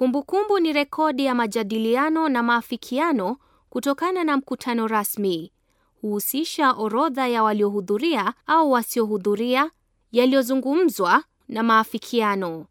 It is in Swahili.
Kumbukumbu ni rekodi ya majadiliano na maafikiano kutokana na mkutano rasmi. Huhusisha orodha ya waliohudhuria au wasiohudhuria, yaliyozungumzwa na maafikiano.